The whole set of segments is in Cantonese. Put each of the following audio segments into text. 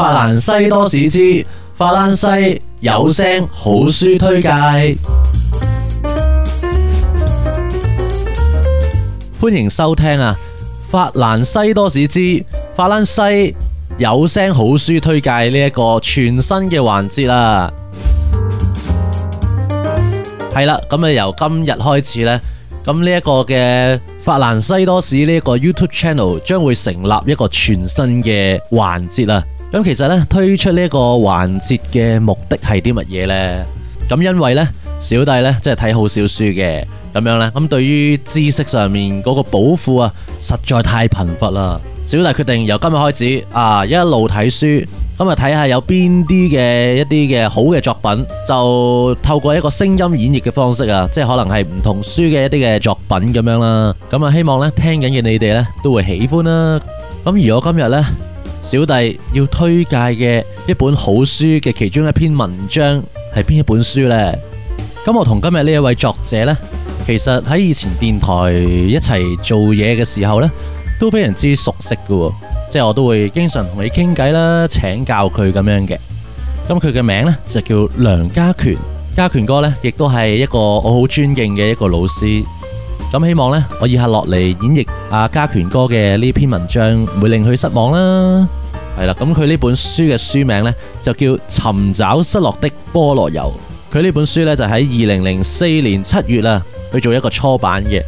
法蘭西多士之法蘭西有聲好書推介，歡迎收聽啊！法蘭西多士之法蘭西有聲好書推介呢一個全新嘅環節啦，係啦，咁、嗯、啊由今日開始呢，咁呢一個嘅法蘭西多士呢一個 YouTube Channel 將會成立一個全新嘅環節啦。咁其實咧推出呢一個環節嘅目的係啲乜嘢呢？咁因為呢，小弟呢，即係睇好少書嘅，咁樣呢，咁對於知識上面嗰、個寶庫啊實在太貧乏啦。小弟決定由今日開始啊一路睇書，咁啊睇下有邊啲嘅一啲嘅好嘅作品，就透過一個聲音演繹嘅方式啊，即係可能係唔同書嘅一啲嘅作品咁樣啦。咁、嗯、啊希望呢，聽緊嘅你哋呢，都會喜歡啦。咁如果今日呢……小弟要推介嘅一本好書嘅其中一篇文章係邊一本書呢？咁我同今日呢一位作者呢,其實喺以前電台一齊做嘢嘅時候呢，都非常之熟悉嘅，即係我都會經常同你傾偈啦，請教佢咁樣嘅。咁佢嘅名呢，就叫梁家權，家權哥呢，亦都係一個我好尊敬嘅一個老師。咁希望呢，我以下落嚟演繹。阿家權哥嘅呢篇文章會令佢失望啦，係啦，咁佢呢本書嘅書名呢，就叫《尋找失落的菠蘿油》，佢呢本書呢，就喺二零零四年七月啦去做一個初版嘅，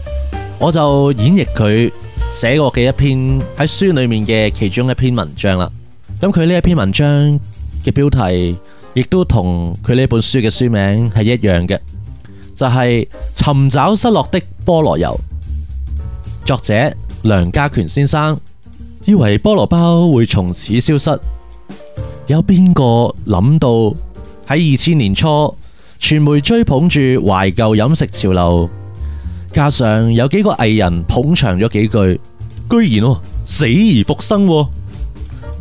我就演繹佢寫過嘅一篇喺書裏面嘅其中一篇文章啦，咁佢呢一篇文章嘅標題亦都同佢呢本書嘅書名係一樣嘅，就係、是《尋找失落的菠蘿油》。作者梁家權先生以為菠蘿包會從此消失，有邊個諗到喺二千年初，傳媒追捧住懷舊飲食潮流，加上有幾個藝人捧場咗幾句，居然啊，死而復生啊，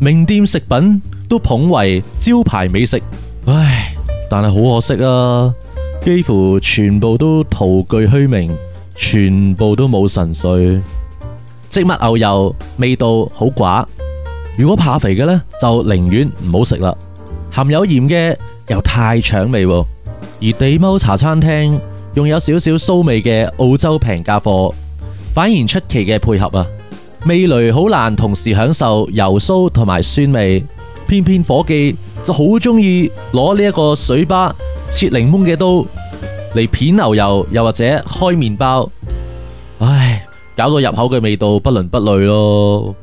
名店食品都捧為招牌美食。唉，但係好可惜啊，幾乎全部都徒具虛名。全部都冇神髓，植物牛油味道好寡。如果怕肥嘅呢，就寧願唔好食啦。含有鹽嘅又太搶味喎。而地踎茶餐廳用有少少酥味嘅澳洲平價貨，反而出奇嘅配合啊。味蕾好難同時享受油酥同埋酸味，偏偏伙計就好中意攞呢一個水吧切檸檬嘅刀。嚟片牛油，又或者開麵包，唉，搞到入口嘅味道不倫不類咯。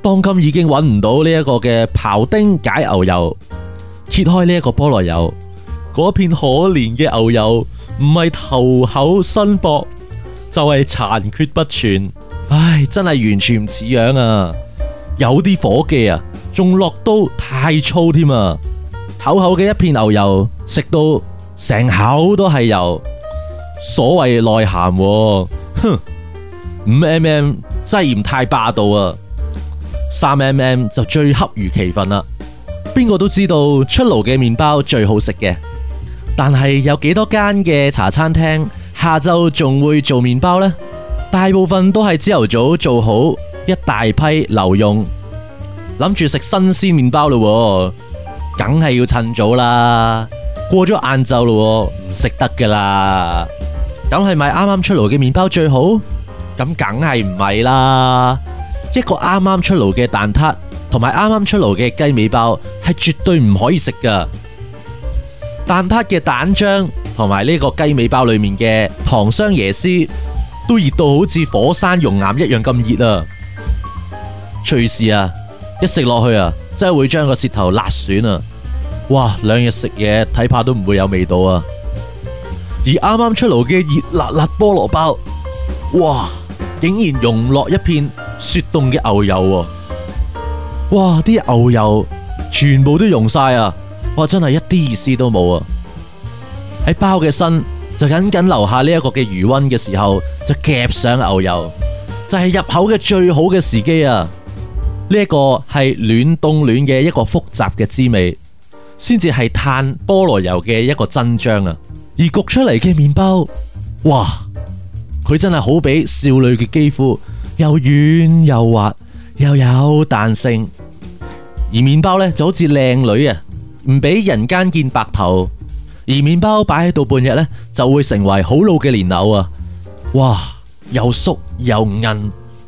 當今已經揾唔到呢一個嘅庖丁解牛油，揭開呢一個菠蘿油，嗰片可憐嘅牛油，唔係頭厚身薄，就係、是、殘缺不全，唉，真係完全唔似樣啊！有啲伙計啊，仲落刀太粗添啊，厚厚嘅一片牛油食到。成口都係油所謂內涵，啊，哼，五 M M 真嫌太霸道啊！三 M M 就最恰如其分啦。邊個都知道出爐嘅麵包最好食嘅，但係有幾多間嘅茶餐廳下晝仲會做麵包呢？大部分都係朝頭早做好一大批留用，諗住食新鮮麵包啦，啊，梗係要趁早啦。過咗晏晝咯，唔食得噶啦。咁係咪啱啱出爐嘅麵包最好？咁梗係唔係啦。一個啱啱出爐嘅蛋撻，同埋啱啱出爐嘅雞尾包，係絕對唔可以食噶。蛋撻嘅蛋漿，同埋呢個雞尾包裏面嘅糖霜椰絲，都熱到好似火山熔岩一樣咁熱啊！隨時啊，一食落去啊，真係會將個舌頭辣損啊！哇，兩日食嘢睇怕都唔會有味道啊！而啱啱出爐嘅熱辣辣菠蘿包，哇，竟然溶落一片雪凍嘅牛油喎！哇，啲牛油全部都溶晒啊！哇，真係一啲意思都冇啊！喺包嘅身就緊緊留下呢一個嘅餘溫嘅時候，就夾上牛油，就係入口嘅最好嘅時機啊！呢一個係暖凍暖嘅一個複雜嘅滋味。先至係嘆菠蘿油嘅一個真章啊！而焗出嚟嘅麵包，哇，佢真係好比少女嘅肌膚，又軟又滑，又有彈性。而麵包咧就好似靚女啊，唔俾人間見白頭。而麵包擺喺度半日咧，就會成為好老嘅蓮藕啊！哇，又縮又韌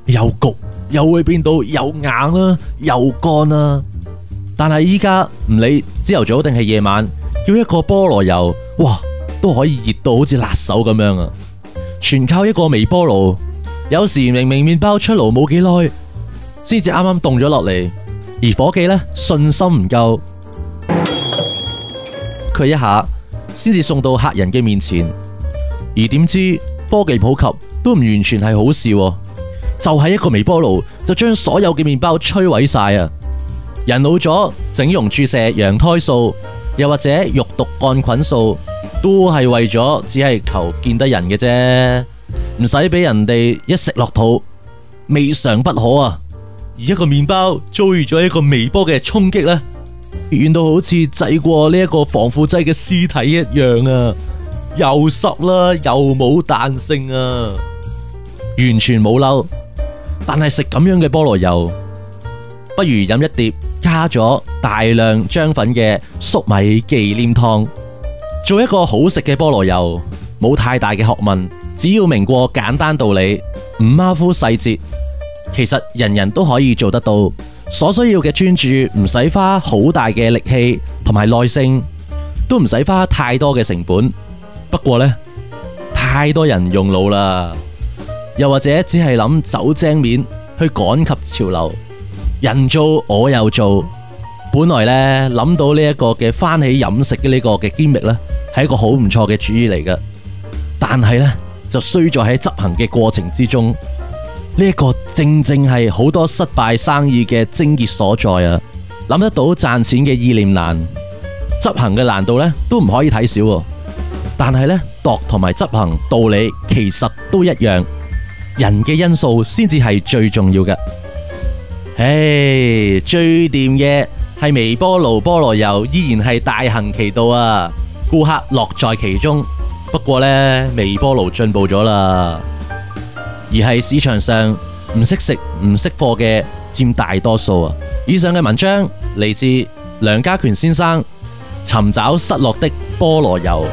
又焗，又會變到又硬啊又乾啊。但係依家唔理朝頭早定係夜晚，叫一個菠蘿油，哇都可以熱到好似辣手咁樣啊！全靠一個微波爐，有時明明麵包出爐冇幾耐，先至啱啱凍咗落嚟，而伙計呢，信心唔夠，佢一下先至送到客人嘅面前，而點知科技普及都唔完全係好事啊！就係一個微波爐就將所有嘅麵包摧毀晒啊！人老咗，整容注射、羊胎素，又或者肉毒桿菌素，都係為咗只係求見得人嘅啫，唔使俾人哋一食落肚，未嘗不可啊！而一個麵包遭遇咗一個微波嘅衝擊呢，軟到好似製過呢一個防腐劑嘅屍體一樣啊！又濕啦，又冇彈性啊，完全冇嬲。但係食咁樣嘅菠蘿油。不如飲一碟加咗大量漿粉嘅粟米忌廉湯，做一個好食嘅菠蘿油，冇太大嘅學問，只要明過簡單道理，唔馬虎細節，其實人人都可以做得到。所需要嘅專注唔使花好大嘅力氣同埋耐性，都唔使花太多嘅成本。不過呢，太多人用腦啦，又或者只係諗走精面去趕及潮流。人做我又做，本來呢，諗到呢一個嘅翻起飲食嘅呢個嘅揭秘呢係一個好唔錯嘅主意嚟嘅。但係呢，就衰在喺執行嘅過程之中，呢、這、一個正正係好多失敗生意嘅症結所在啊！諗得到賺錢嘅意念難，執行嘅難度呢都唔可以睇少。但係呢，度同埋執行道理其實都一樣，人嘅因素先至係最重要嘅。唉，hey, 最掂嘅係微波爐菠蘿油，依然係大行其道啊！顧客樂在其中。不過呢，微波爐進步咗啦，而係市場上唔識食唔識貨嘅佔大多數啊！以上嘅文章嚟自梁家權先生，尋找失落的菠蘿油。